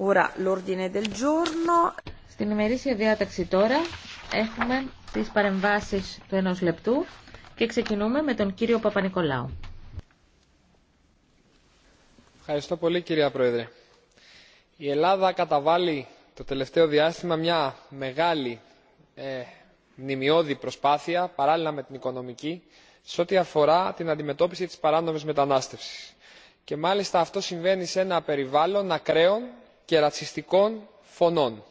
Ora, l'ordine del giorno. Στην ημερήσια διάταξη τώρα έχουμε τις παρεμβάσεις του ενός λεπτού και ξεκινούμε με τον κύριο Παπα-Νικολάου. Ευχαριστώ πολύ κυρία Πρόεδρε. Η Ελλάδα καταβάλει το τελευταίο διάστημα μια μεγάλη ε, μνημειώδη προσπάθεια παράλληλα με την οικονομική σε ό,τι αφορά την αντιμετώπιση της παράνομης μετανάστευσης. Και μάλιστα αυτό συμβαίνει σε ένα περιβάλλον ακραίων και ρατσιστικών φωνών.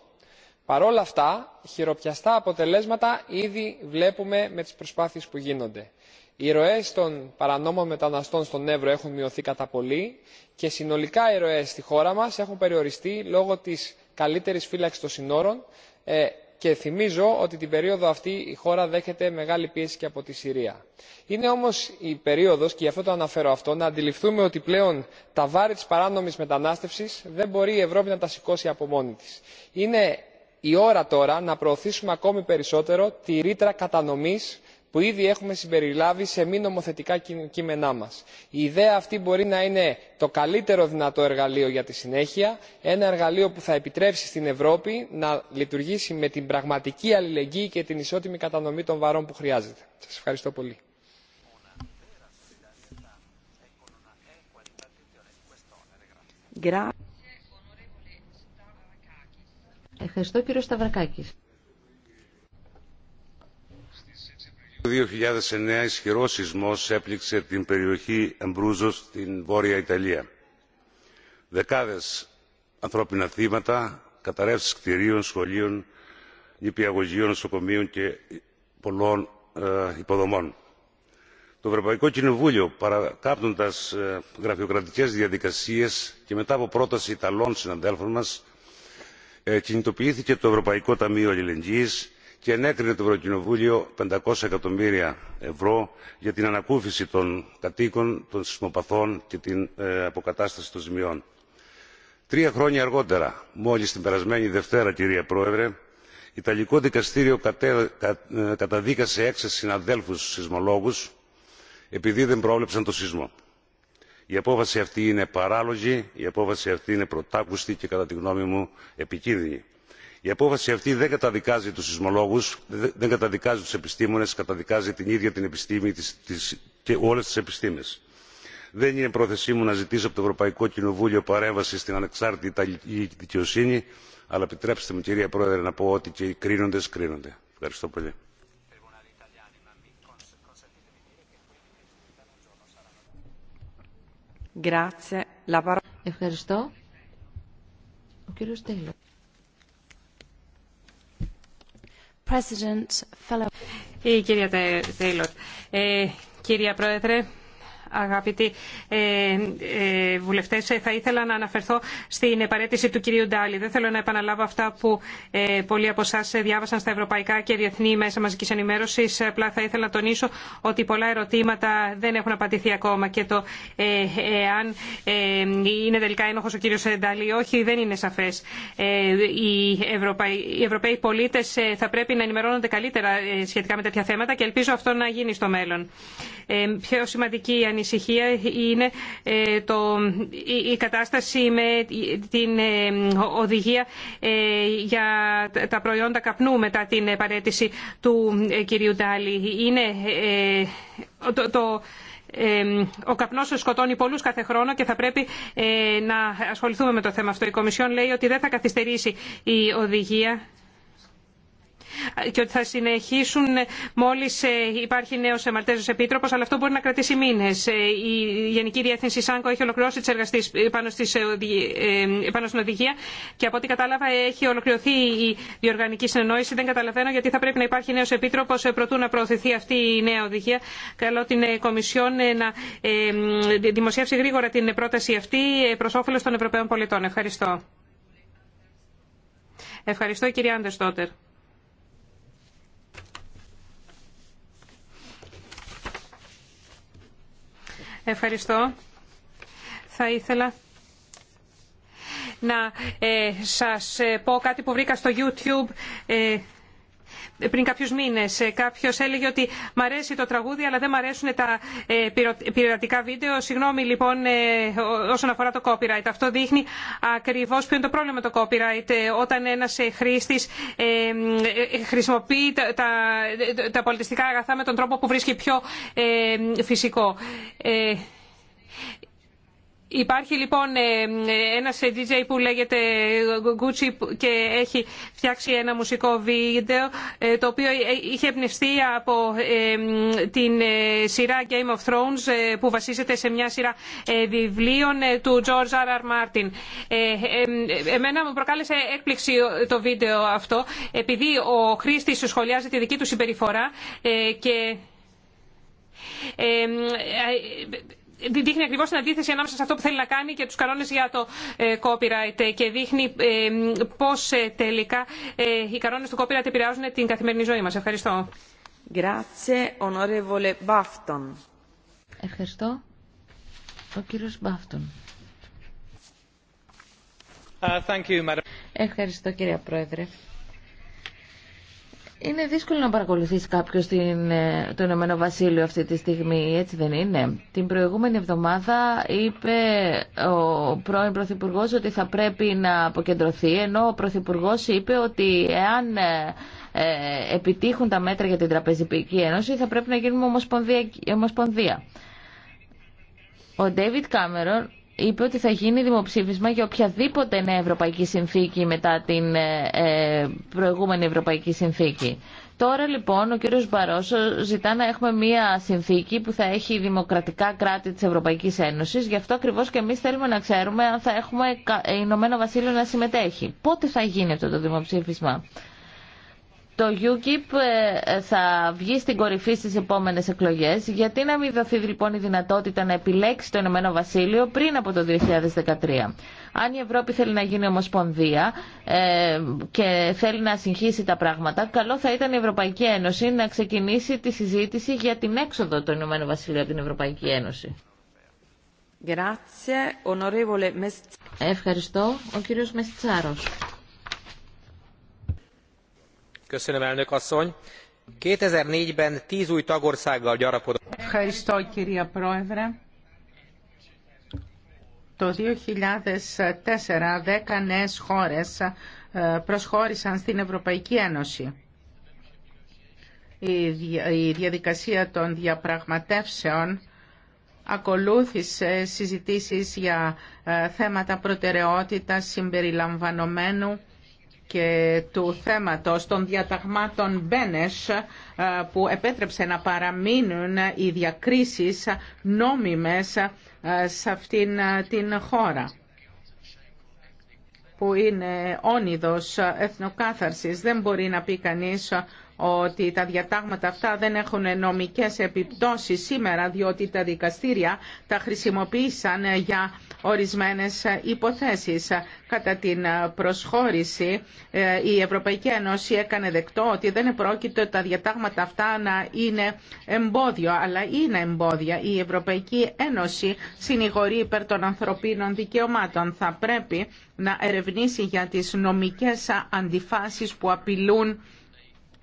παρ' όλα αυτά χειροπιαστά αποτελέσματα ήδη βλέπουμε με τις προσπάθειες που γίνονται. οι ροές των παρανόμων μεταναστών στον εύρο έχουν μειωθεί κατά πολύ και συνολικά οι ροές στη χώρα μας έχουν περιοριστεί λόγω της καλύτερης φύλαξης των συνόρων ε, και θυμίζω ότι την περίοδο αυτή η χώρα δέχεται μεγάλη πίεση και από τη συρία. είναι όμως η περίοδος και γι' αυτό το αναφέρω αυτό να αντιληφθούμε ότι πλέον τα βάρη της παράνομης μετανάστευσης δεν μπορεί η ευρώπη να τα σηκώσει από μόνη τη. είναι η ώρα τώρα να προωθήσουμε ακόμη περισσότερο τη ρήτρα κατανομής που ήδη έχουμε συμπεριλάβει σε μη νομοθετικά κείμενά μα. η ιδέα αυτή μπορεί να είναι το καλύτερο δυνατό εργαλείο για τη συνέχεια ένα εργαλείο που θα επιτρέψει στην ευρώπη να λειτουργήσει με την πραγματική αλληλεγγύη και την ισότιμη κατανομή των βαρών που χρειάζεται. σας ευχαριστώ πολύ. Το 2009 ισχυρό σεισμός έπληξε την περιοχή Εμπρούζο στην Βόρεια Ιταλία. Δεκάδες ανθρώπινα θύματα, καταρρεύσεις κτηρίων, σχολείων, νηπιαγωγείων, νοσοκομείων και πολλών ε, υποδομών. Το Ευρωπαϊκό Κοινοβούλιο, παρακάπτοντας ε, γραφειοκρατικές διαδικασίες και μετά από πρόταση Ιταλών συναδέλφων μας, ε, κινητοποιήθηκε το Ευρωπαϊκό Ταμείο Αλληλεγγύης και ενέκρινε το ευρωκοινοβούλιο 500 εκατομμύρια ευρώ για την ανακούφιση των κατοίκων των σεισμοπαθών και την ε, αποκατάσταση των ζημιών. τρία χρόνια αργότερα μόλις την περασμένη δευτέρα κυρία πρόεδρε ιταλικό δικαστήριο ε, καταδίκασε έξι συναδέλφους σεισμολόγους επειδή δεν πρόβλεψαν το σεισμό. η απόφαση αυτή είναι παράλογη η απόφαση αυτή είναι πρωτάκουστη και κατά τη γνώμη μου επικίνδυνη η απόφαση αυτή δεν καταδικάζει τους σεισμολόγους δεν καταδικάζει τους επιστήμονες καταδικάζει την ίδια την επιστήμη και όλες τις επιστήμες. δεν είναι πρόθεσή μου να ζητήσω από το ευρωπαϊκό κοινοβούλιο παρέμβαση στην ανεξάρτητη ιταλική δικαιοσύνη αλλά επιτρέψτε μου κυρία πρόεδρε να πω ότι και οι κρίνοντες κρίνονται. ευχαριστώ πολύ. President, Η κυρία Τέιλορ. Ε, κυρία Πρόεδρε, Αγαπητοί ε, ε, βουλευτές, ε, θα ήθελα να αναφερθώ στην παρέτηση του κυρίου Ντάλι. Δεν θέλω να επαναλάβω αυτά που πολλοί από εσά διάβασαν στα ευρωπαϊκά και διεθνή μέσα μαζική ενημέρωση. Απλά θα ήθελα να τονίσω ότι πολλά ερωτήματα δεν έχουν απαντηθεί ακόμα και το εάν είναι τελικά ένοχο ο κύριο ενημερώνονται καλύτερα σχετικά με τέτοια θέματα και ελπίζω αυτό να γίνει στο μέλλον. Πιο σημαντική η οχι δεν ειναι σαφες οι οι ευρωπαιοι πολιτες θα πρεπει να ενημερωνονται καλυτερα σχετικα με τετοια θεματα και ελπιζω αυτο να γινει στο μελλον πιο σημαντικη η ανησυχία είναι ε, το, η κατάσταση με την ε, οδηγία ε, για τα προϊόντα καπνού μετά την παρέτηση του κυρίου Ντάλη. Είναι το, το ο καπνός σκοτώνει πολλούς κάθε χρόνο και θα πρέπει να ασχοληθούμε με το θέμα αυτό. Η Κομισιόν λέει ότι δεν θα καθυστερήσει η οδηγία και ότι θα συνεχίσουν μόλι ε, υπάρχει νέος Μαλτέζο επίτροπο, αλλά αυτό μπορεί να κρατήσει μήνε. Ε, η Γενική Διεύθυνση ΣΑΝΚΟ έχει ολοκληρώσει τι εργασίε πάνω, ε, πάνω στην οδηγία και από ό,τι κατάλαβα έχει ολοκληρωθεί η διοργανική συνεννόηση. Δεν καταλαβαίνω γιατί θα πρέπει να υπάρχει νέος Επίτροπος προτού να προωθηθεί αυτή η νέα οδηγία. Καλώ την Κομισιόν να δημοσιεύσει γρήγορα την πρόταση αυτή προ όφελο των Ευρωπαίων πολιτών. Ευχαριστώ. Ευχαριστώ κυρία Ευχαριστώ. Θα ήθελα να ε, σας ε, πω κάτι που βρήκα στο YouTube ε, πριν κάποιου μήνε. Κάποιο έλεγε ότι «Μ' αρέσει το τραγούδι αλλά δεν μ' αρέσουν τα ε, πειρατικά βίντεο». Συγγνώμη λοιπόν ε, όσον αφορά το copyright. Αυτό δείχνει ακριβώ ποιο είναι το πρόβλημα το copyright. Ε, όταν ένας ε, χρησιμοποιεί τα πολιτιστικά αγαθά με τον τρόπο που βρίσκει πιο φυσικό. Υπάρχει λοιπόν ε, ένας DJ που λέγεται Gucci και έχει φτιάξει ένα μουσικό βίντεο ε, το οποίο ε, είχε εμπνευστεί από την σειρά Game of Thrones που βασίζεται σε μια σειρά βιβλίων του George R. R. Martin. Εμένα μου προκάλεσε έκπληξη το βίντεο αυτό επειδή ο χρήστης σχολιάζει τη δική του συμπεριφορά και δείχνει ακριβώ την αντίθεση ανάμεσα σε αυτό που θέλει να κάνει και τους κανόνε για το ε, copyright και δείχνει ε, πώς ε, τελικά οι κανόνε του copyright επηρεάζουν την καθημερινή ζωή μας. Ευχαριστώ. Ευχαριστώ. Ο κύριος Μπάφτον. Uh, thank you, Ευχαριστώ κύριε Πρόεδρε. Είναι δύσκολο να παρακολουθήσει κάποιο ε, το Ηνωμένο Βασίλειο αυτή τη στιγμή, έτσι δεν είναι. Την προηγούμενη εβδομάδα είπε ο πρώην Πρωθυπουργό ότι θα πρέπει να αποκεντρωθεί, ενώ ο Πρωθυπουργό είπε ότι εάν ε, ε, επιτύχουν τα μέτρα για την Τραπεζική Ένωση θα πρέπει να γίνουμε ομοσπονδία. Ο Ντέιβιτ Κάμερον είπε ότι θα γίνει δημοψήφισμα για οποιαδήποτε νέα Ευρωπαϊκή Συνθήκη μετά την ε, ε, προηγούμενη Ευρωπαϊκή Συνθήκη. Τώρα λοιπόν ο κύριος Μπαρόσο ζητά να έχουμε μία συνθήκη που θα έχει δημοκρατικά κράτη της Ευρωπαϊκής Ένωσης. Γι' αυτό ακριβώς και εμείς θέλουμε να ξέρουμε αν θα έχουμε Ηνωμένο Βασίλειο να συμμετέχει. Πότε θα γίνει αυτό το δημοψήφισμα. Το UKIP ε, θα βγει στην κορυφή στις επόμενες εκλογές. Γιατί να μην δοθεί λοιπόν η δυνατότητα να επιλέξει το Ηνωμένο Βασίλειο πριν από το 2013. Αν η Ευρώπη θέλει να γίνει ομοσπονδία ε, και θέλει να συγχύσει τα πράγματα, καλό θα ήταν η Ευρωπαϊκή Ένωση να ξεκινήσει τη συζήτηση για την έξοδο του Ηνωμένου Βασιλείου από την Ευρωπαϊκή Ένωση. Ευχαριστώ. Ο κύριος Μεστσάρος. Ευχαριστώ κυρία Πρόεδρε. Το 2004 δέκα νέε χώρες ε, προσχώρησαν στην Ευρωπαϊκή Ένωση. Η διαδικασία των διαπραγματεύσεων ακολούθησε συζητήσεις για ε, θέματα προτεραιότητας συμπεριλαμβανομένου και του θέματος των διαταγμάτων Μπένες ε, που επέτρεψε να παραμείνουν οι διακρίσεις νόμιμες ε, σε αυτήν ε, την χώρα που είναι όνειδος εθνοκάθαρσης. Δεν μπορεί να πει κανείς ότι τα διατάγματα αυτά δεν έχουν νομικές επιπτώσεις σήμερα διότι τα δικαστήρια τα χρησιμοποίησαν για ορισμένες υποθέσεις. Κατά την προσχώρηση ε, η Ευρωπαϊκή Ένωση έκανε δεκτό ότι δεν επρόκειτο τα διατάγματα αυτά να είναι εμπόδιο, αλλά είναι εμπόδια. Η Ευρωπαϊκή Ένωση συνηγορεί υπέρ των ανθρωπίνων δικαιωμάτων. Θα πρέπει να ερευνήσει για τις νομικές αντιφάσεις που απειλούν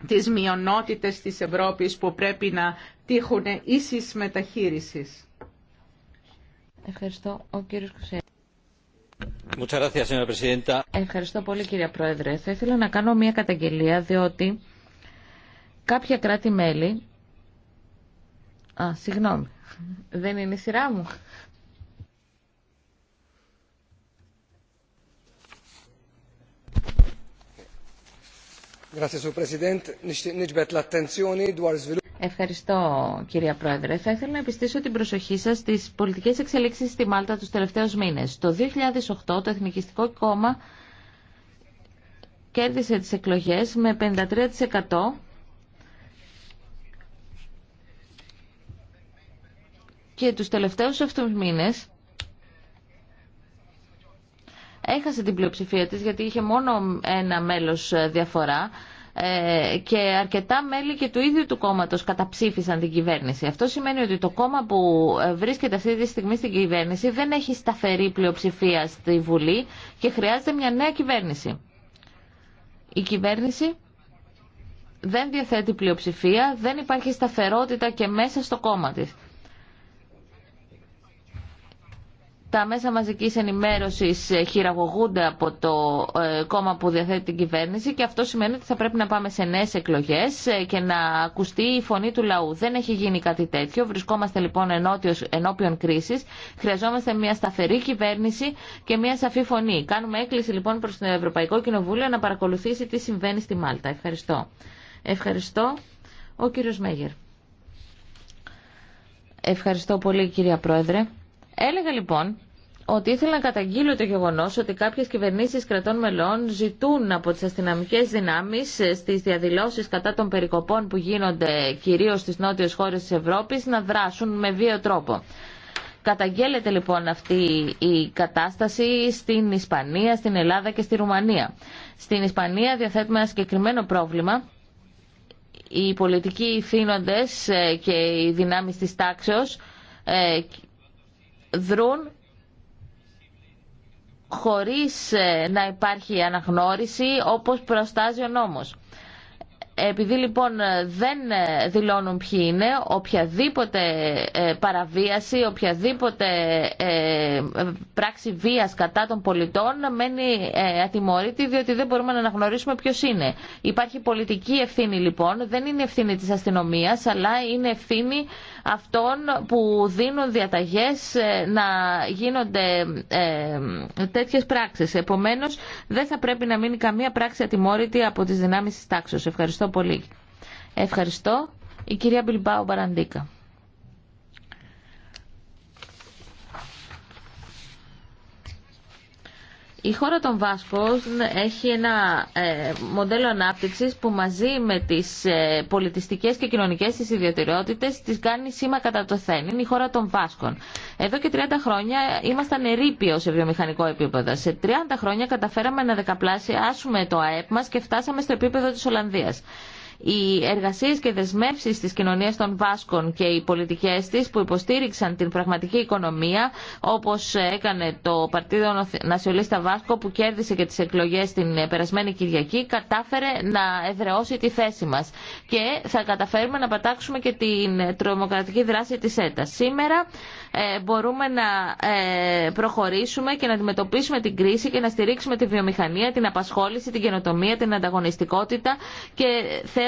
τις μειονότητες της Ευρώπης που πρέπει να τύχουν ίσης μεταχείρισης. Ευχαριστώ. Ο κύριος Κουσέ. Ευχαριστώ πολύ κύριε Πρόεδρε. Θα ήθελα να κάνω μια καταγγελία διότι κάποια κράτη-μέλη... Α, συγγνώμη. Δεν είναι η σειρά μου. Ευχαριστώ κυρία Πρόεδρε. Θα ήθελα να επιστήσω την προσοχή σας στις πολιτικές εξελίξεις στη Μάλτα τους τελευταίους μήνες. Το 2008 το Εθνικιστικό Κόμμα κέρδισε τις εκλογές με 53% και τους τελευταίους αυτούς μήνες έχασε την πλειοψηφία της γιατί είχε μόνο ένα μέλος ε, διαφορά ε, και αρκετά μέλη και του ίδιου του κόμματος καταψήφισαν την κυβέρνηση. Αυτό σημαίνει ότι το κόμμα που ε, βρίσκεται αυτή τη στιγμή στην κυβέρνηση δεν έχει σταθερή πλειοψηφία στη Βουλή και χρειάζεται μια νέα κυβέρνηση. Η κυβέρνηση δεν διαθέτει πλειοψηφία, δεν υπάρχει σταθερότητα και μέσα στο κόμμα της. τα μέσα μαζικής ενημέρωσης χειραγωγούνται από το ε, κόμμα που διαθέτει την κυβέρνηση και αυτό σημαίνει ότι θα πρέπει να πάμε σε νέες εκλογές ε, και να ακουστεί η φωνή του λαού. Δεν έχει γίνει κάτι τέτοιο. Βρισκόμαστε λοιπόν ενώπιον κρίσης. Χρειαζόμαστε μια σταθερή κυβέρνηση και μια σαφή φωνή. Κάνουμε έκκληση λοιπόν προς το Ευρωπαϊκό Κοινοβούλιο να παρακολουθήσει τι συμβαίνει στη Μάλτα. Ευχαριστώ. Ευχαριστώ. Ο κύριος Μέγερ. Ευχαριστώ πολύ κυρία Πρόεδρε. Έλεγα λοιπόν ότι ήθελα να καταγγείλω το γεγονό ότι κάποιε κυβερνήσει κρατών μελών ζητούν από τι αστυνομικέ δυνάμει ε, στι διαδηλώσει κατά των περικοπών που γίνονται κυρίω στι νότιε χώρε τη Ευρώπη να δράσουν με βίαιο τρόπο. Καταγγέλλεται λοιπόν αυτή η κατάσταση στην Ισπανία, στην Ελλάδα και στη Ρουμανία. Στην Ισπανία διαθέτουμε ένα συγκεκριμένο πρόβλημα οι πολιτικοί θύνοντες ε, και οι δυνάμεις της τάξεως ε, δρούν χωρίς ε, να υπάρχει αναγνώριση όπως προστάζει ο νόμος. Επειδή λοιπόν δεν ε, δηλώνουν ποιοι είναι, οποιαδήποτε ε, παραβίαση, οποιαδήποτε ε, πράξη βίας κατά των πολιτών μένει ατιμωρήτη διότι δεν μπορούμε να αναγνωρίσουμε ποιος είναι. Υπάρχει πολιτική ευθύνη λοιπόν, δεν είναι ευθύνη της αστυνομίας αλλά είναι ευθύνη αυτών που δίνουν διαταγές να γίνονται τέτοιες πράξεις. Επομένως δεν θα πρέπει να μείνει καμία πράξη ατιμόρυτη από τις δυνάμεις της τάξης. Ευχαριστώ Ευχαριστώ πολύ. Ευχαριστώ. Η κυρία Μπιλμπάου Μπαραντίκα. Η χώρα των Βάσκων έχει ένα ε, μοντέλο ανάπτυξης που μαζί με τις ε, πολιτιστικές και κοινωνικές της ιδιαιτερότητες τις κάνει σήμα κατά το θέν. η χώρα των Βάσκων. Εδώ και 30 χρόνια ήμασταν ερήπιο σε βιομηχανικό επίπεδο. Σε 30 χρόνια καταφέραμε να δεκαπλάσιάσουμε το ΑΕΠ μας και φτάσαμε στο επίπεδο της Ολλανδίας. Οι εργασίες και δεσμεύσεις της κοινωνίας των Βάσκων και οι πολιτικές της που υποστήριξαν την πραγματική οικονομία όπως έκανε το Παρτίδο Νασιολίστα Βάσκο που κέρδισε και τις εκλογές την περασμένη Κυριακή κατάφερε να εδραιώσει τη θέση μας και θα καταφέρουμε να πατάξουμε και την τρομοκρατική δράση της ΕΤΑ. Σήμερα ε, μπορούμε να ε, προχωρήσουμε και να αντιμετωπίσουμε την κρίση και να στηρίξουμε τη βιομηχανία, την απασχόληση, την καινοτομία, την ανταγωνιστικότητα και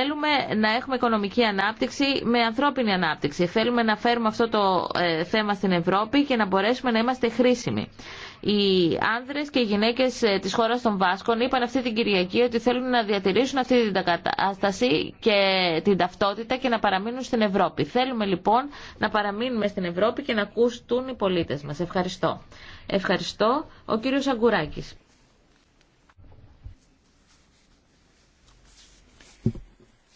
θέλουμε να έχουμε οικονομική ανάπτυξη με ανθρώπινη ανάπτυξη. Θέλουμε να φέρουμε αυτό το ε, θέμα στην Ευρώπη και να μπορέσουμε να είμαστε χρήσιμοι. Οι άνδρε και οι γυναίκε ε, τη χώρα των Βάσκων είπαν αυτή την Κυριακή ότι θέλουν να διατηρήσουν αυτή την κατάσταση και την ταυτότητα και να παραμείνουν στην Ευρώπη. Θέλουμε λοιπόν να παραμείνουμε στην Ευρώπη και να ακούσουν οι πολίτε μα. Ευχαριστώ. Ευχαριστώ. Ο κύριο Αγκουράκη.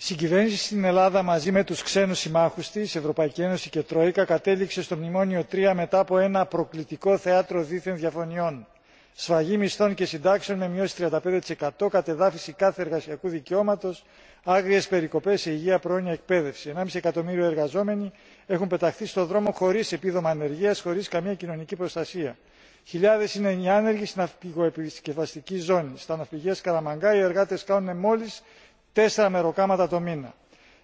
συγκυβέρνηση στην ελλάδα μαζί με τους ξένους συμμάχους της ευρωπαϊκή ένωση και τρόικα κατέληξε στο μνημόνιο 3 μετά από ένα προκλητικό θέατρο δίθεν διαφωνιών σφαγή μισθών και συντάξεων με μειώσει 35% κατεδάφιση κάθε εργασιακού δικαιώματος άγριες περικοπές σε υγεία πρόνοια εκπαίδευση. 1,5 εκατομμύριο εργαζόμενοι έχουν πεταχθεί στον δρόμο χωρίς επίδομα ανεργίας χωρίς καμία κοινωνική προστασία. χιλιάδες είναι οι άνεργοι στην ναυπηγοεπισκευαστική ζώνη. στα ναυπηγεία σκαραμαγκά οι εργάτες κάνουν μόλις τέσσερα μεροκάματα το μήνα.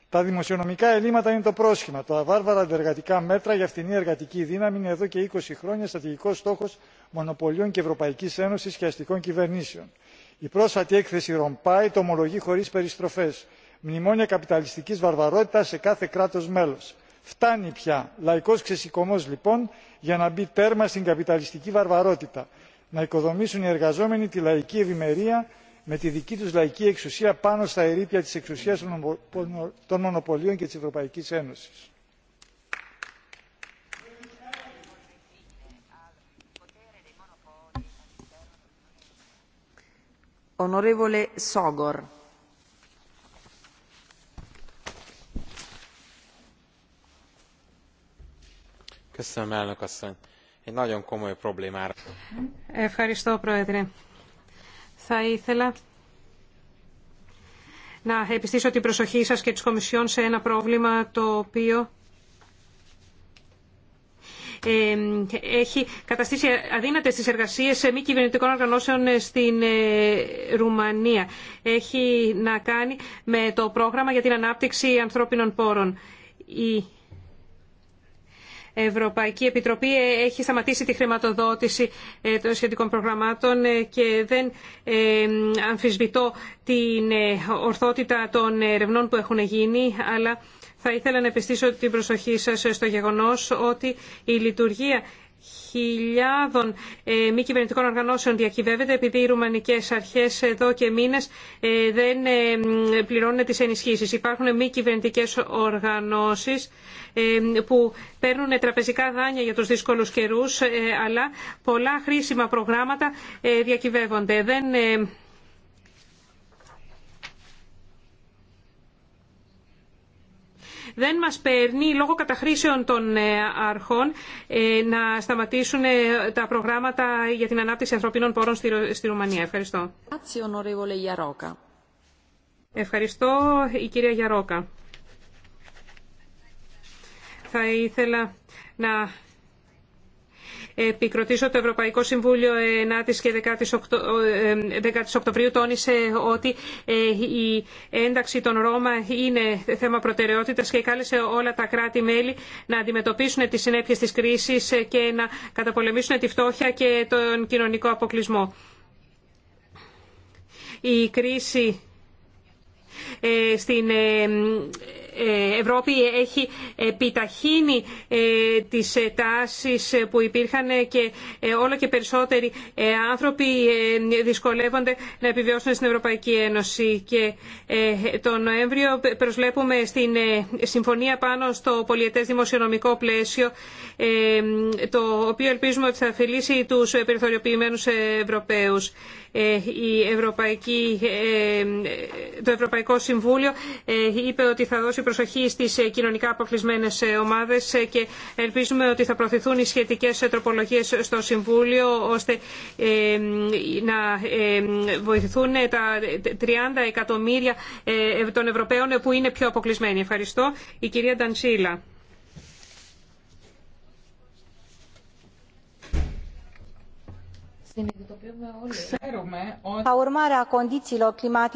τα δημοσιονομικά ελλείμματα είναι το πρόσχημα τα βάρβαρα αντεργατικά μέτρα για φθηνή εργατική δύναμη είναι εδώ και είκοσι χρόνια στρατηγικό στόχο μονοπωλίων και ευρωπαϊκή ένωση και αστικών κυβερνήσεων. η πρόσφατη έκθεση ρομπάι το ομολογεί χωρί περιστροφέ μνημόνια καπιταλιστική βαρβαρότητα σε κάθε κράτο μέλο. φτάνει πια! λαϊκό ξεσηκωμό λοιπόν για να μπει τέρμα στην καπιταλιστική βαρβαρότητα να οικοδομήσουν οι εργαζόμενοι τη λαϊκή ευημερία με τη δική τους λαϊκή εξουσία πάνω στα ερήπια της εξουσίας των μονοπωλίων και της Ευρωπαϊκής Ένωσης. Ευχαριστώ, Πρόεδρε. Θα ήθελα να επιστήσω την προσοχή σας και της Κομισιόν σε ένα πρόβλημα το οποίο έχει καταστήσει αδύνατες τις εργασίες σε μη κυβερνητικών οργανώσεων στην ε, Ρουμανία. Έχει να κάνει με το πρόγραμμα για την ανάπτυξη ανθρώπινων πόρων. Ευρωπαϊκή Επιτροπή ε, έχει σταματήσει τη χρηματοδότηση ε, των σχετικών προγραμμάτων ε, και δεν αμφισβητώ την ορθότητα των ερευνών που έχουν γίνει, αλλά θα ήθελα να επιστήσω την προσοχή σας στο γεγονός ότι η λειτουργία χιλιάδων ε, μη κυβερνητικών οργανώσεων διακυβεύεται επειδή οι ρουμανικές αρχές εδώ και μήνες ε, δεν ε, πληρώνουν τις ενισχύσεις. Υπάρχουν μη κυβερνητικέ οργανώσεις που παίρνουν τραπεζικά δάνεια για τους δύσκολους καιρούς αλλά πολλά χρήσιμα προγράμματα διακυβεύονται. Δεν δεν μας παίρνει λόγω καταχρήσεων των ε, αρχών ε, να σταματήσουν ε, τα προγράμματα για την ανάπτυξη ανθρωπίνων πόρων στη Ρουμανία. Ευχαριστώ. Ευχαριστώ η κυρία Γιαρόκα. Θα ήθελα να επικροτήσω το Ευρωπαϊκό Συμβούλιο 9 και 10 ε, Οκτωβρίου τόνισε ότι ε, η ένταξη των Ρώμα είναι θέμα προτεραιότητας και κάλεσε όλα τα κράτη-μέλη να αντιμετωπίσουν τις συνέπειες της κρίσης και να καταπολεμήσουν τη φτώχεια και τον κοινωνικό αποκλεισμό. Η κρίση ε, στην ε, Ευρώπη έχει επιταχύνει ε, τις ε, τάσεις που υπήρχαν και όλο και περισσότεροι άνθρωποι δυσκολεύονται να επιβιώσουν στην Ευρωπαϊκή Ένωση. Και τον Νοέμβριο προσβλέπουμε στην συμφωνία πάνω στο πολιετές δημοσιονομικό πλαίσιο το οποίο ελπίζουμε ότι θα φιλήσει τους περιθωριοποιημένους Ευρωπαίους. Η Ευρωπαϊκή, το Ευρωπαϊκό Συμβούλιο είπε ότι θα δώσει προσοχή στις ε, κοινωνικά αποκλεισμένες ε, ομάδες ε, και ελπίζουμε ότι θα προωθηθούν οι σχετικές τροπολογίες στο Συμβούλιο ώστε να βοηθηθούν τα 30 εκατομμύρια των Ευρωπαίων που είναι πιο αποκλεισμένοι. Ευχαριστώ. Η κυρία Ντανσίλα.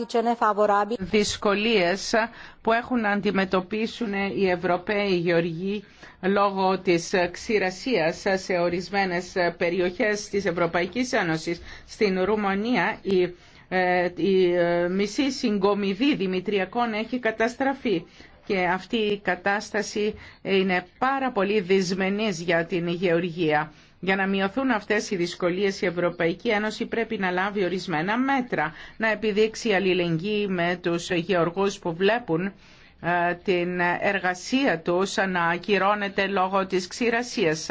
Ξέρουμε ότι δυσκολίες που έχουν να αντιμετωπίσουν οι Ευρωπαίοι γεωργοί λόγω της ξηρασίας σε ορισμένες περιοχές της Ευρωπαϊκής Ένωσης. Στην Ρουμανία η ε, η ε, μισή συγκομιδή δημητριακών έχει καταστραφεί και αυτή η κατάσταση είναι πάρα πολύ δυσμενής για την γεωργία. Για να μειωθούν αυτές οι δυσκολίες η Ευρωπαϊκή Ένωση πρέπει να λάβει ορισμένα μέτρα, να επιδείξει αλληλεγγύη με τους γεωργούς που βλέπουν ε, την εργασία τους να ακυρώνεται λόγω της ξηρασίας.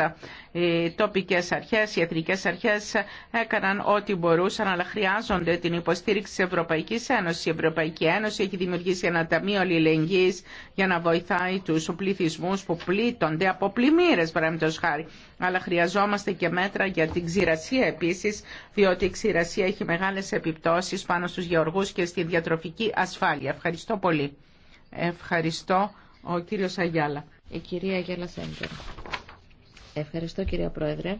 Οι τοπικές αρχές, οι εθνικές αρχές έκαναν ό,τι μπορούσαν, αλλά χρειάζονται την υποστήριξη της Ευρωπαϊκής Ένωσης. Η Ευρωπαϊκή Ένωση έχει δημιουργήσει ένα ταμείο αλληλεγγύης για να βοηθάει τους πληθυσμούς που πλήττονται από πλημμύρες, παραμετός χάρη. Αλλά χρειαζόμαστε και μέτρα για την ξηρασία επίσης, διότι η ξηρασία έχει μεγάλες επιπτώσεις πάνω στους γεωργούς και στη διατροφική ασφάλεια. Ευχαριστώ πολύ. Ευχαριστώ. Ο κύριος Αγιάλα. Η κυρία Αγιάλα Σέντερ. Ευχαριστώ κυρία Πρόεδρε.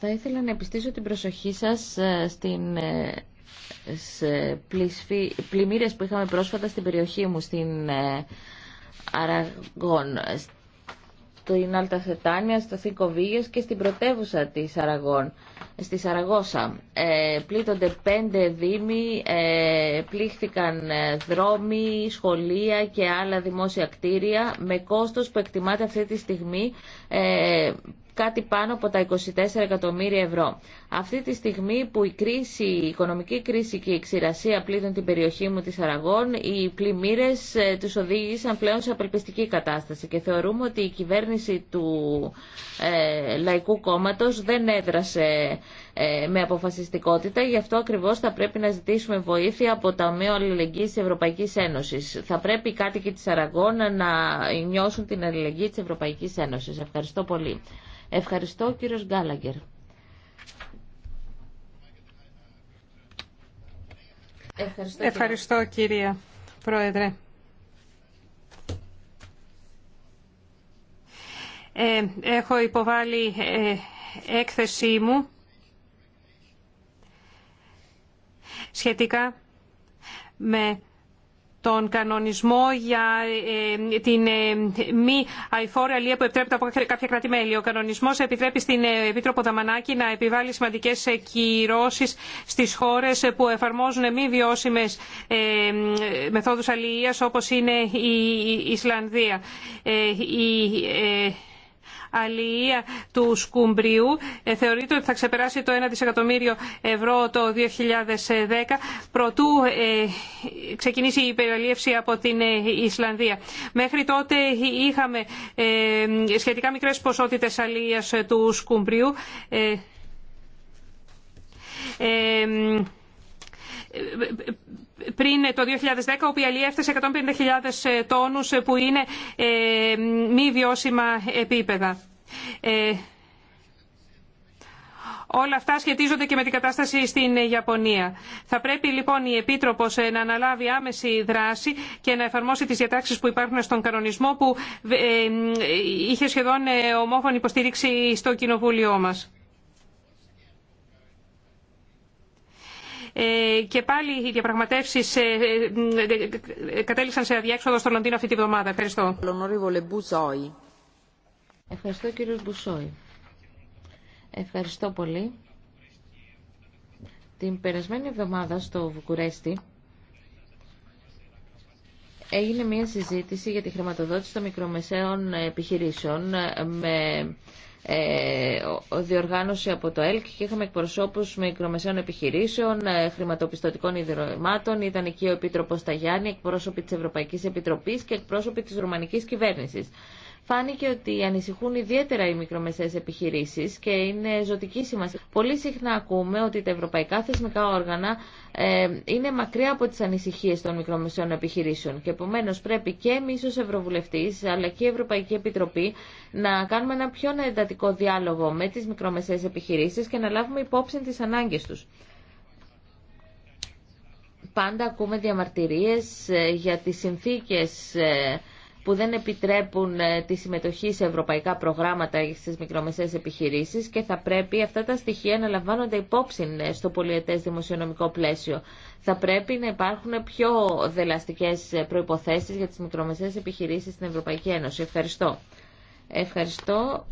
Θα ήθελα να επιστήσω την προσοχή σας ε, στην ε, σε πλημμύρες που είχαμε πρόσφατα στην περιοχή μου, στην ε, Αραγών στην Θετάνια, στο Θήκο Βίγες και στην πρωτεύουσα της Αραγών, στη Σαραγώσα. Ε, πλήττονται πέντε δήμοι, ε, πλήχθηκαν ε, δρόμοι, σχολεία και άλλα δημόσια κτίρια με κόστος που εκτιμάται αυτή τη στιγμή ε, κάτι πάνω από τα 24 εκατομμύρια ευρώ. Αυτή τη στιγμή που η, κρίση, η οικονομική κρίση και η ξηρασία πλήττουν την περιοχή μου της Αραγών, οι πλημμύρες ε, τους οδήγησαν πλέον σε απελπιστική κατάσταση και θεωρούμε ότι η κυβέρνηση του ε, Λαϊκού Κόμματος δεν έδρασε ε, με αποφασιστικότητα, γι' αυτό ακριβώς θα πρέπει να ζητήσουμε βοήθεια από τα μέο Αλληλεγγύης της Ευρωπαϊκής Ένωσης. Θα πρέπει οι κάτοικοι της Αραγών να νιώσουν την αλληλεγγύη της Ευρωπαϊκής Ένωσης. Ευχαριστώ πολύ. Ευχαριστώ κύριος Γκάλαγκερ. Ευχαριστώ, Ευχαριστώ κυρία Πρόεδρε. Ε, έχω υποβάλει ε, έκθεσή μου σχετικά με τον κανονισμό για ε, την ε, μη αηφόρη αλληλεία που επιτρέπεται από κάποια Ο κανονισμός επιτρέπει στην ε, Επίτροπο Δαμανάκη να επιβάλλει σημαντικές κυρώσεις στις χώρες που εφαρμόζουν μη βιώσιμες μεθόδους αλληλείας όπως είναι η Ισλανδία. Η αλληλεία του σκουμπριού. Ε, θεωρείται ότι θα ξεπεράσει το 1 δισεκατομμύριο ευρώ το 2010 προτού ε, ξεκινήσει η υπεραλίευση από την ε, Ισλανδία. Μέχρι τότε είχαμε σχετικά μικρές ποσότητες αλληλείας του σκουμπριού πριν το 2010, όπου η αλληλεία έφτασε 150.000 ε, τόνους ε, που είναι ε, μη βιώσιμα επίπεδα. Όλα αυτά σχετίζονται και με την κατάσταση στην Ιαπωνία. Θα πρέπει λοιπόν η Επίτροπο να αναλάβει άμεση δράση και να εφαρμόσει τι διατάξει που υπάρχουν στον κανονισμό που είχε σχεδόν ομόφωνη υποστήριξη στο Κοινοβούλιο μα. Ε, και πάλι οι διαπραγματεύσει ε, ε, κατέληξαν σε αδιέξοδο στο Λονδίνο αυτή τη βδομάδα. Ευχαριστώ. Ευχαριστώ κύριε Μπουσόη. Ευχαριστώ πολύ. Την περασμένη εβδομάδα στο Βουκουρέστι έγινε μια συζήτηση για τη χρηματοδότηση των μικρομεσαίων επιχειρήσεων με ε, διοργάνωση από το ΕΛΚ και είχαμε εκπροσώπους μικρομεσαίων επιχειρήσεων, ε, χρηματοπιστωτικών ιδρυμάτων, ήταν εκεί ο Επίτροπος Ταγιάννη, εκπρόσωποι της Ευρωπαϊκής Επιτροπής και εκπρόσωποι της Ρουμανικής Κυβέρνησης φάνηκε ότι ανησυχούν ιδιαίτερα οι μικρομεσαίες επιχειρήσεις και είναι ζωτική σημασία. Πολύ συχνά ακούμε ότι τα ευρωπαϊκά θεσμικά όργανα ε, είναι μακριά από τις ανησυχίες των μικρομεσαίων επιχειρήσεων και επομένως πρέπει και εμείς ως Ευρωβουλευτής αλλά και η Ευρωπαϊκή Επιτροπή να κάνουμε ένα πιο εντατικό διάλογο με τις μικρομεσαίες επιχειρήσεις και να λάβουμε υπόψη τις ανάγκες τους πάντα ακούμε διαμαρτυρίες ε, για τις συνθήκες ε, που δεν επιτρέπουν ε, τη συμμετοχή σε ευρωπαϊκά προγράμματα στις μικρομεσαίες επιχειρήσεις και θα πρέπει αυτά τα στοιχεία να λαμβάνονται υπόψη ε, στο πολιετές δημοσιονομικό πλαίσιο. Θα πρέπει να υπάρχουν πιο δελαστικές προϋποθέσεις για τις μικρομεσαίες επιχειρήσεις στην Ευρωπαϊκή Ένωση. Ευχαριστώ. Ευχαριστώ.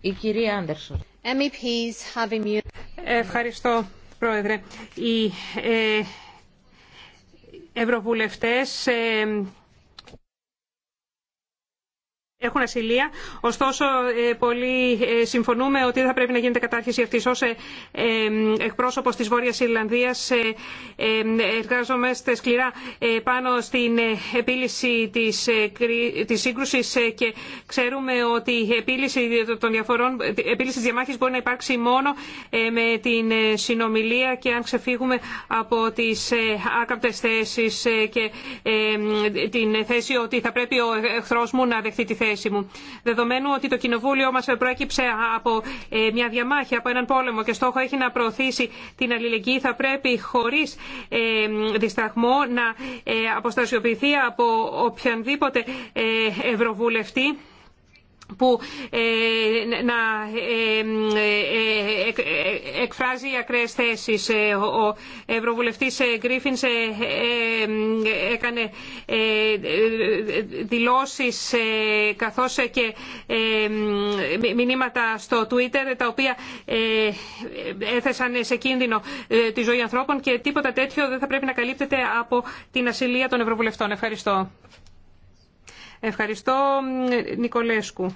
Η κυρία Άντερσον. E Ευχαριστώ, Πρόεδρε. Η, ε, ευρωβουλευτές ε, έχουν ασυλία. Ωστόσο, ε, πολύ ε, συμφωνούμε ότι δεν θα πρέπει να γίνεται κατάρχηση αυτή. Ω ε, εκπρόσωπο τη Βόρεια Ιρλανδία, εργάζομαστε σκληρά πάνω στην επίλυση τη σύγκρουση και ξέρουμε ότι η επίλυση των διαφορών, επίλυση διαμάχη μπορεί να υπάρξει μόνο με την συνομιλία και αν ξεφύγουμε από τι άκαπτε θέσει και την θέση ότι θα πρέπει ο εχθρό μου να δεχτεί τη θέση Δεδομένου ότι το Κοινοβούλιο μα προέκυψε από ε, μια διαμάχη, από έναν πόλεμο και στόχο έχει να προωθήσει την αλληλεγγύη, θα πρέπει χωρίς ε, δισταγμό να ε, αποστασιοποιηθεί από οποιανδήποτε ευρωβουλευτή που ε, να ε, ε, εκφράζει ακραίες θέσεις. Ο Ευρωβουλευτής Γκρίφινς έκανε δηλώσεις καθώς και μηνύματα στο Twitter τα οποία έθεσαν σε κίνδυνο τη ζωή ανθρώπων και τίποτα τέτοιο δεν θα πρέπει να καλύπτεται από την ασυλία των Ευρωβουλευτών. Ευχαριστώ. Ευχαριστώ, Νικολέσκου.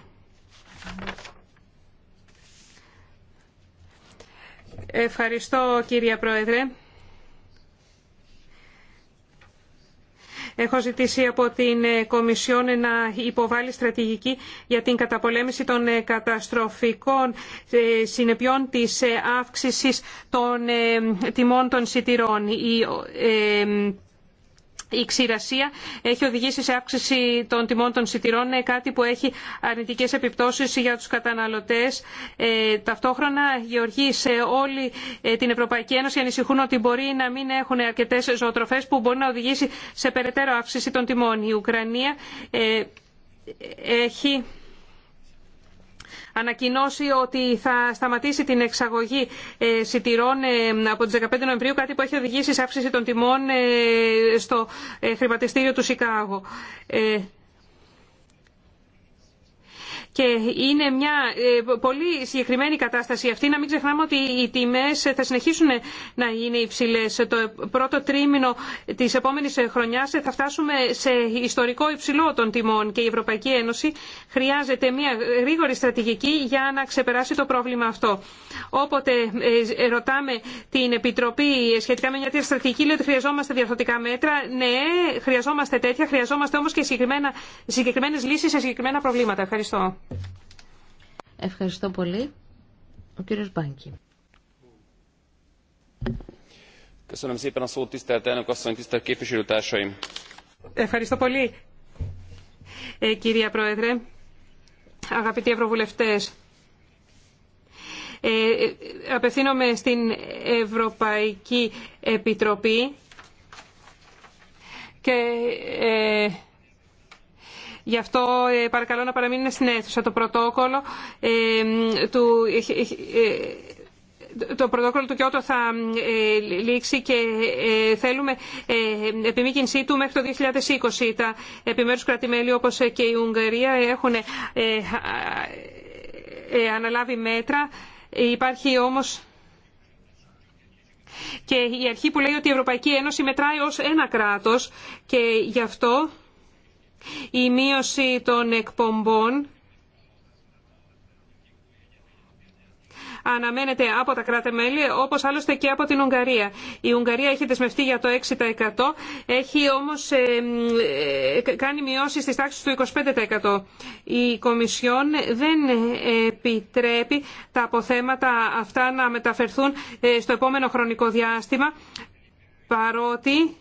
Ευχαριστώ, κύριε Πρόεδρε. Έχω ζητήσει από την Κομισιόν να υποβάλει στρατηγική για την καταπολέμηση των καταστροφικών ε, συνεπειών της ε, αύξησης των ε, τιμών των σιτηρών η ξηρασία έχει οδηγήσει σε αύξηση των τιμών των σιτηρών, ε, κάτι που έχει αρνητικές επιπτώσεις για τους καταναλωτές. Ε, ταυτόχρονα, γεωργοί σε όλη ε, την Ευρωπαϊκή Ένωση ανησυχούν ότι μπορεί να μην έχουν αρκετές ζωοτροφές που μπορεί να οδηγήσει σε περαιτέρω αύξηση των τιμών. Η Ουκρανία έχει ανακοινώσει ότι θα σταματήσει την εξαγωγή ε, σιτηρών ε, από τις 15 Νοεμβρίου, κάτι που έχει οδηγήσει σε αύξηση των τιμών ε, στο χρηματιστήριο του Σικάγο. Και είναι μια ε, πολύ συγκεκριμένη κατάσταση αυτή. Να μην ξεχνάμε ότι οι τιμέ θα συνεχίσουν να είναι υψηλέ. Το πρώτο τρίμηνο της επόμενης χρονιάς θα φτάσουμε σε ιστορικό υψηλό των τιμών και η Ευρωπαϊκή Ένωση χρειάζεται μια γρήγορη στρατηγική για να ξεπεράσει το πρόβλημα αυτό. Όποτε ε, ρωτάμε την Επιτροπή σχετικά με μια τέτοια στρατηγική, λέει ότι χρειαζόμαστε διαφορετικά μέτρα. Ναι, χρειαζόμαστε τέτοια, χρειαζόμαστε όμω και συγκεκριμένε λύσει, σε συγκεκριμένα προβλήματα. Ευχαριστώ. Ευχαριστώ πολύ. Ο κύριος Μπάνκι. Ευχαριστώ πολύ, ε, κυρία Πρόεδρε, αγαπητοί Ευρωβουλευτές. Ε, ε, απευθύνομαι στην Ευρωπαϊκή Επιτροπή και ε, Γι' αυτό ε, παρακαλώ να παραμείνουν στην αίθουσα. Το πρωτόκολλο ε, του ε, το πρωτόκολλο του Κιώτο θα λήξει και θέλουμε επιμήκυνσή του μέχρι το 2020. Τα επιμέρους κρατημέλη όπως και η Ουγγαρία έχουν αναλάβει μέτρα. Υπάρχει όμως και η αρχή που λέει ότι η Ευρωπαϊκή Ένωση μετράει ως ένα κράτος και γι' αυτό η μείωση των εκπομπών αναμένεται από τα κράτη-μέλη, όπως άλλωστε και από την Ουγγαρία. Η Ουγγαρία έχει δεσμευτεί για το 6%, έχει όμως ε, ε, κάνει μειώσεις στις τάξεις του 25%. Η Κομισιόν δεν επιτρέπει τα αποθέματα αυτά να μεταφερθούν ε, στο επόμενο χρονικό διάστημα, παρότι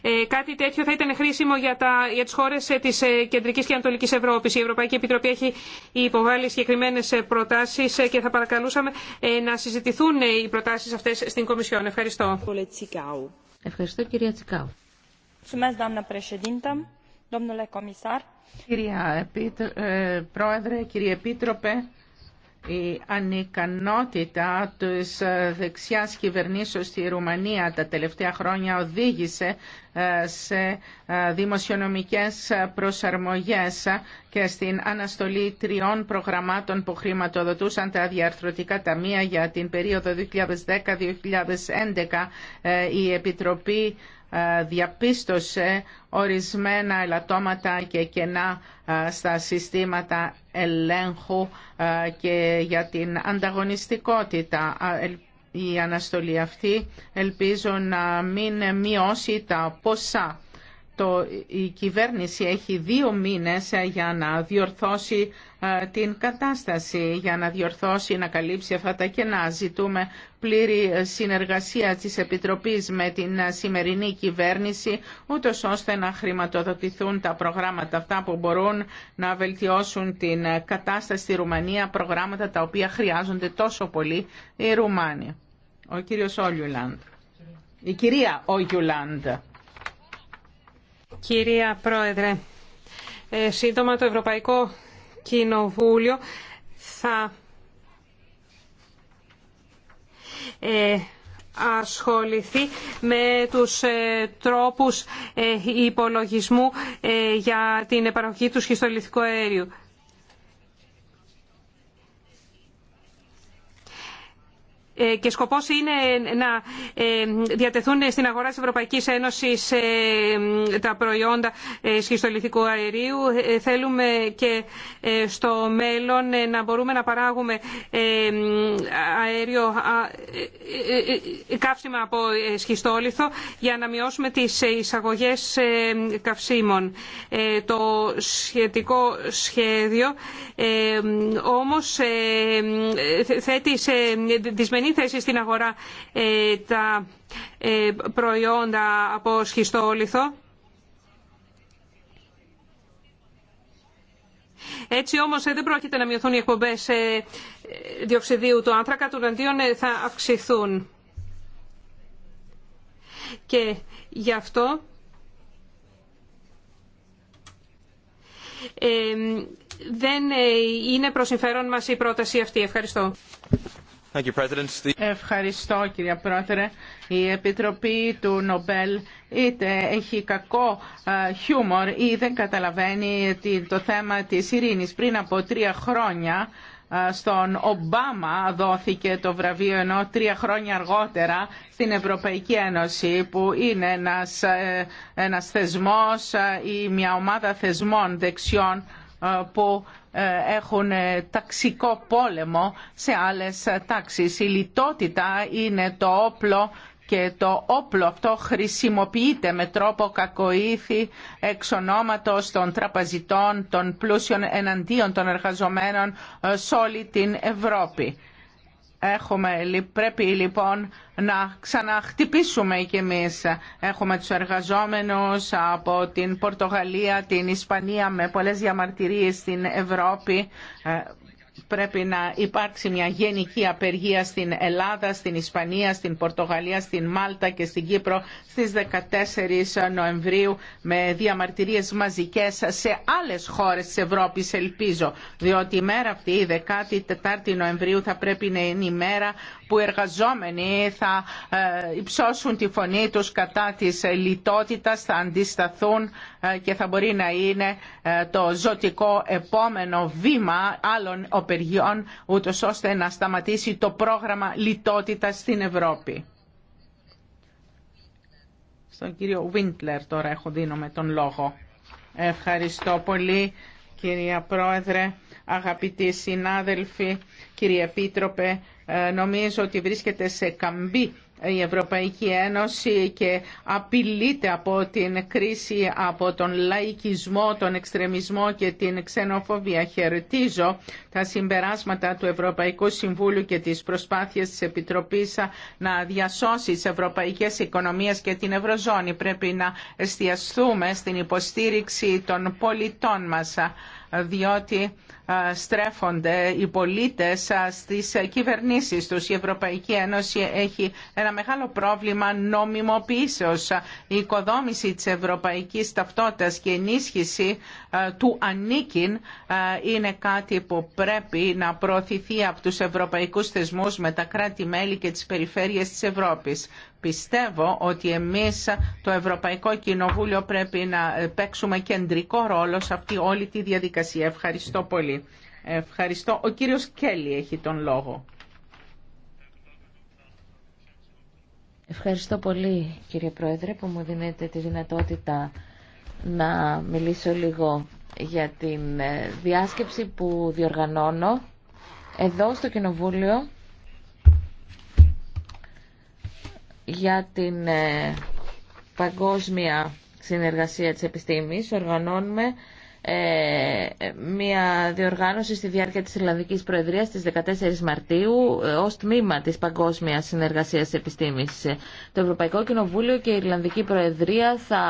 Ε, κάτι τέτοιο θα ήταν χρήσιμο για, τα, για τις χώρες ε, της ε, Κεντρικής και Ανατολικής Ευρώπης. Η Ευρωπαϊκή Επιτροπή έχει υποβάλει συγκεκριμένε προτάσεις και θα παρακαλούσαμε να συζητηθούν οι προτάσεις αυτές στην Κομισιόν. Ευχαριστώ. Ευχαριστώ κυρία Τσικάου. Κυρία Πρόεδρε, κύριε Επίτροπε, η ανικανότητα της ε, δεξιάς κυβερνήσεως στη Ρουμανία τα τελευταία χρόνια οδήγησε ε, σε ε, δημοσιονομικές προσαρμογές και στην αναστολή τριών προγραμμάτων που χρηματοδοτούσαν τα διαρθρωτικά ταμεία για την περίοδο 2010-2011 η Επιτροπή ε, διαπίστωσε ορισμένα ελαττώματα και κενά ε, στα συστήματα ελέγχου ε, και για την ανταγωνιστικότητα. Η αναστολή αυτή ελπίζω να μην μειώσει τα ποσά. Το, η κυβέρνηση έχει δύο μήνες για να διορθώσει ε, την κατάσταση για να διορθώσει, να καλύψει αυτά τα κενά. Ζητούμε πλήρη συνεργασία της Επιτροπής με την σημερινή κυβέρνηση, ούτω ώστε να χρηματοδοτηθούν τα προγράμματα αυτά που μπορούν να βελτιώσουν την κατάσταση στη Ρουμανία, προγράμματα τα οποία χρειάζονται τόσο πολύ οι Ρουμάνοι. Ο κύριος Όλιουλαντ. Η κυρία Όλιουλαντ. Κυρία Πρόεδρε, ε, σύντομα το Ευρωπαϊκό Κοινοβούλιο θα ε, ασχοληθεί με τους ε, τρόπους ε, υπολογισμού για την παραγωγή του σχιστολιθικού αέριου. Ε, και σκοπός είναι να ε, διατεθούν στην αγορά της Ευρωπαϊκής Ένωσης ε, τα προϊόντα σχιστολιθικού αερίου. Θέλουμε και στο μέλλον να μπορούμε να παράγουμε αέριο καύσιμα από σχιστόλιθο για να μειώσουμε τις εισαγωγές καυσίμων. Το σχετικό σχέδιο όμως θέτει σε δυσμενή καλή θέση στην αγορά ε, τα ε, προϊόντα από σχιστό λιθό. Έτσι όμως ε, δεν πρόκειται να μειωθούν οι εκπομπές διοξιδίου του άνθρακα, του θα αυξηθούν. Και γι' αυτό δεν είναι προς συμφέρον μας η πρόταση αυτή. Ευχαριστώ. Ευχαριστώ κύριε Πρόεδρε. Η Επιτροπή του Νομπέλ είτε έχει κακό χιούμορ ή δεν καταλαβαίνει το θέμα της ειρήνης. Πριν από τρία χρόνια στον Ομπάμα δόθηκε το βραβείο ενώ τρία χρόνια αργότερα στην Ευρωπαϊκή Ένωση που είναι ένας, ε, ένας θεσμός ε, ή μια ομάδα θεσμών δεξιών ε, που ε, έχουν ε, ταξικό πόλεμο σε άλλες τάξεις. Η λιτότητα είναι το όπλο και το όπλο αυτό χρησιμοποιείται με τρόπο κακοήθη εξ ονόματος των τραπαζιτών, των πλούσιων εναντίον των εργαζομένων ε, σε όλη την Ευρώπη. Έχουμε, πρέπει λοιπόν να ξαναχτυπήσουμε κι εμείς. Έχουμε τους εργαζόμενους από την Πορτογαλία, την Ισπανία με πολλές διαμαρτυρίες στην Ευρώπη ε, πρέπει να υπάρξει μια γενική απεργία στην Ελλάδα, στην Ισπανία, στην Πορτογαλία, στην Μάλτα και στην Κύπρο στις 14 Νοεμβρίου με διαμαρτυρίες μαζικές σε άλλες χώρες της Ευρώπης ελπίζω διότι η μέρα αυτή η 14η Νοεμβρίου θα πρέπει να είναι μέρα που οι εργαζόμενοι θα ε, υψώσουν τη φωνή τους κατά της ε, λιτότητας, θα αντισταθούν ε, και θα μπορεί να είναι το ζωτικό επόμενο βήμα άλλων οπεργιών, ούτως ώστε να σταματήσει το πρόγραμμα λιτότητας στην Ευρώπη. Στον κύριο Βίντλερ τώρα έχω δίνω τον λόγο. Ευχαριστώ πολύ κυρία Πρόεδρε αγαπητοί συνάδελφοι, κύριε Επίτροπε, ε, νομίζω ότι βρίσκεται σε καμπή η Ευρωπαϊκή Ένωση και απειλείται από την κρίση, από τον λαϊκισμό, τον εξτρεμισμό και την ξενοφοβία. Χαιρετίζω τα συμπεράσματα του Ευρωπαϊκού Συμβούλου και τις προσπάθειες της Επιτροπής να διασώσει τις ευρωπαϊκές οικονομίες και την Ευρωζώνη. Πρέπει να εστιαστούμε στην υποστήριξη των πολιτών μας διότι στρέφονται οι πολίτες στις κυβερνήσεις τους. Η Ευρωπαϊκή Ένωση έχει ένα μεγάλο πρόβλημα νομιμοποίησεως. Η οικοδόμηση της ευρωπαϊκής ταυτότητας και ενίσχυση του ανήκειν είναι κάτι που πρέπει να προωθηθεί από τους ευρωπαϊκούς θεσμούς με τα κράτη-μέλη και τις περιφέρειες της Ευρώπης. Πιστεύω ότι εμείς το Ευρωπαϊκό Κοινοβούλιο πρέπει να παίξουμε κεντρικό ρόλο σε αυτή όλη τη διαδικασία. Ευχαριστώ πολύ. Ευχαριστώ. Ο κύριος Κέλλη έχει τον λόγο. Ευχαριστώ πολύ κύριε Πρόεδρε που μου δίνετε τη δυνατότητα να μιλήσω λίγο για την ε, διάσκεψη που διοργανώνω εδώ στο Κοινοβούλιο για την ε, παγκόσμια συνεργασία της επιστήμης. Οργανώνουμε ε, μια διοργάνωση στη διάρκεια της Ιρλανδικής Προεδρίας στις 14 Μαρτίου ε, ως τμήμα της Παγκόσμιας Συνεργασίας Επιστήμης. Το Ευρωπαϊκό Κοινοβούλιο και η Ιρλανδική Προεδρία θα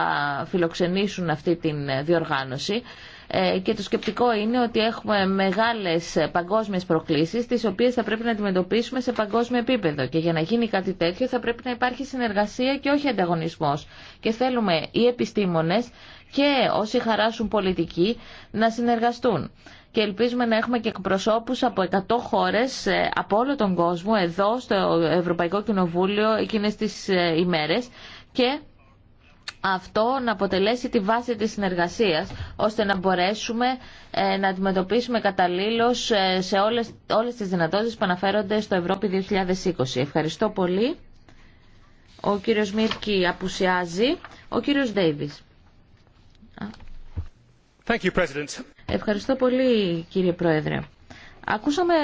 φιλοξενήσουν αυτή την ε, διοργάνωση. Ε, και το σκεπτικό είναι ότι έχουμε μεγάλες παγκόσμιες προκλήσεις τις οποίες θα πρέπει να αντιμετωπίσουμε σε παγκόσμιο επίπεδο και για να γίνει κάτι τέτοιο θα πρέπει να υπάρχει συνεργασία και όχι ανταγωνισμός και θέλουμε οι επιστήμονες και όσοι χαράσουν πολιτική να συνεργαστούν και ελπίζουμε να έχουμε και εκπροσώπου από 100 χώρε ε, από όλο τον κόσμο εδώ στο Ευρωπαϊκό Κοινοβούλιο εκείνες τι ε, ημέρε. και αυτό να αποτελέσει τη βάση της συνεργασίας, ώστε να μπορέσουμε ε, να αντιμετωπίσουμε καταλήλως ε, σε όλες, όλες τις δυνατότητες που αναφέρονται στο Ευρώπη 2020. Ευχαριστώ πολύ. Ο κύριος Μίρκη απουσιάζει. Ο κύριος Ντέιβις. Ευχαριστώ πολύ κύριε Πρόεδρε. Ακούσαμε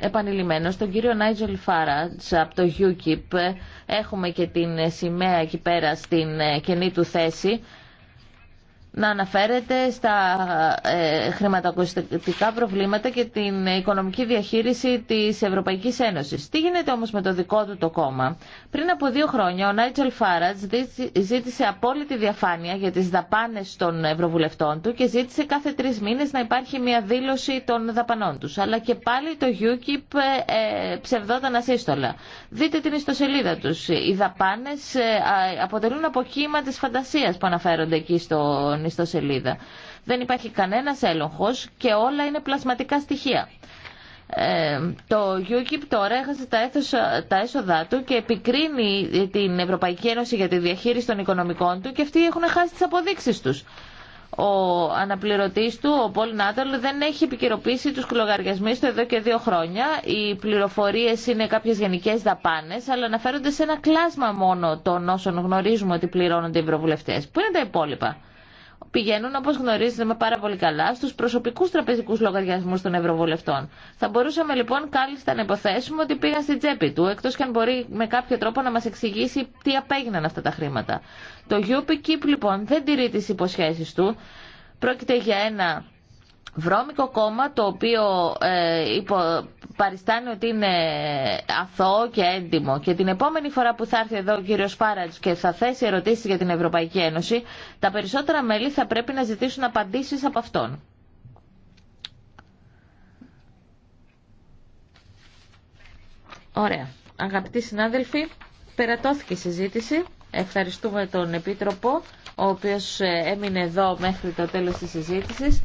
επανειλημμένως τον κύριο Νάιτζελ Φάρατς από το UKIP. Έχουμε και την σημαία εκεί πέρα στην ε, κενή του θέση να αναφέρεται στα ε, προβλήματα και την οικονομική διαχείριση της Ευρωπαϊκής Ένωσης. Τι γίνεται όμως με το δικό του το κόμμα. Πριν από δύο χρόνια ο Νάιτζελ Φάρατς ζήτησε απόλυτη διαφάνεια για τις δαπάνες των Ευρωβουλευτών του και ζήτησε κάθε τρεις μήνες να υπάρχει μια δήλωση των δαπανών τους. Αλλά και πάλι το UKIP ε, ψευδόταν ασύστολα. Δείτε την ιστοσελίδα τους. Οι δαπάνες ε, αποτελούν αποχήμα της φαντασίας που αναφέρονται εκεί στο στο σελίδα. Δεν υπάρχει κανένας έλεγχος και όλα είναι πλασματικά στοιχεία. Ε, το UKIP τώρα έχασε τα, τα έσοδά του και επικρίνει την Ευρωπαϊκή Ένωση για τη διαχείριση των οικονομικών του και αυτοί έχουν χάσει τις αποδείξεις τους. Ο αναπληρωτής του, ο Πολ Νάτολ, δεν έχει επικαιροποιήσει τους λογαριασμού του εδώ και δύο χρόνια. Οι πληροφορίες είναι κάποιες γενικές δαπάνες, αλλά αναφέρονται σε ένα κλάσμα μόνο των όσων γνωρίζουμε ότι πληρώνονται οι ευρωβουλευτές. Πού είναι τα υπόλοιπα πηγαίνουν, όπως γνωρίζουμε πάρα πολύ καλά, στους προσωπικούς τραπεζικούς λογαριασμούς των ευρωβουλευτών. Θα μπορούσαμε λοιπόν κάλλιστα να υποθέσουμε ότι πήγαν στην τσέπη του, εκτός και αν μπορεί με κάποιο τρόπο να μας εξηγήσει τι απέγιναν αυτά τα χρήματα. Το UPKIP λοιπόν δεν τηρεί τις υποσχέσεις του. Πρόκειται για ένα βρώμικο κόμμα το οποίο ε, παριστάνει ότι είναι αθώο και έντιμο και την επόμενη φορά που θα έρθει εδώ ο κύριος Φάρατς και θα θέσει ερωτήσεις για την Ευρωπαϊκή Ένωση τα περισσότερα μέλη θα πρέπει να ζητήσουν απαντήσεις από αυτόν. Ωραία. Αγαπητοί συνάδελφοι, περατώθηκε η συζήτηση. Ευχαριστούμε τον Επίτροπο, ο οποίος ε, έμεινε εδώ μέχρι το τέλος της συζήτησης.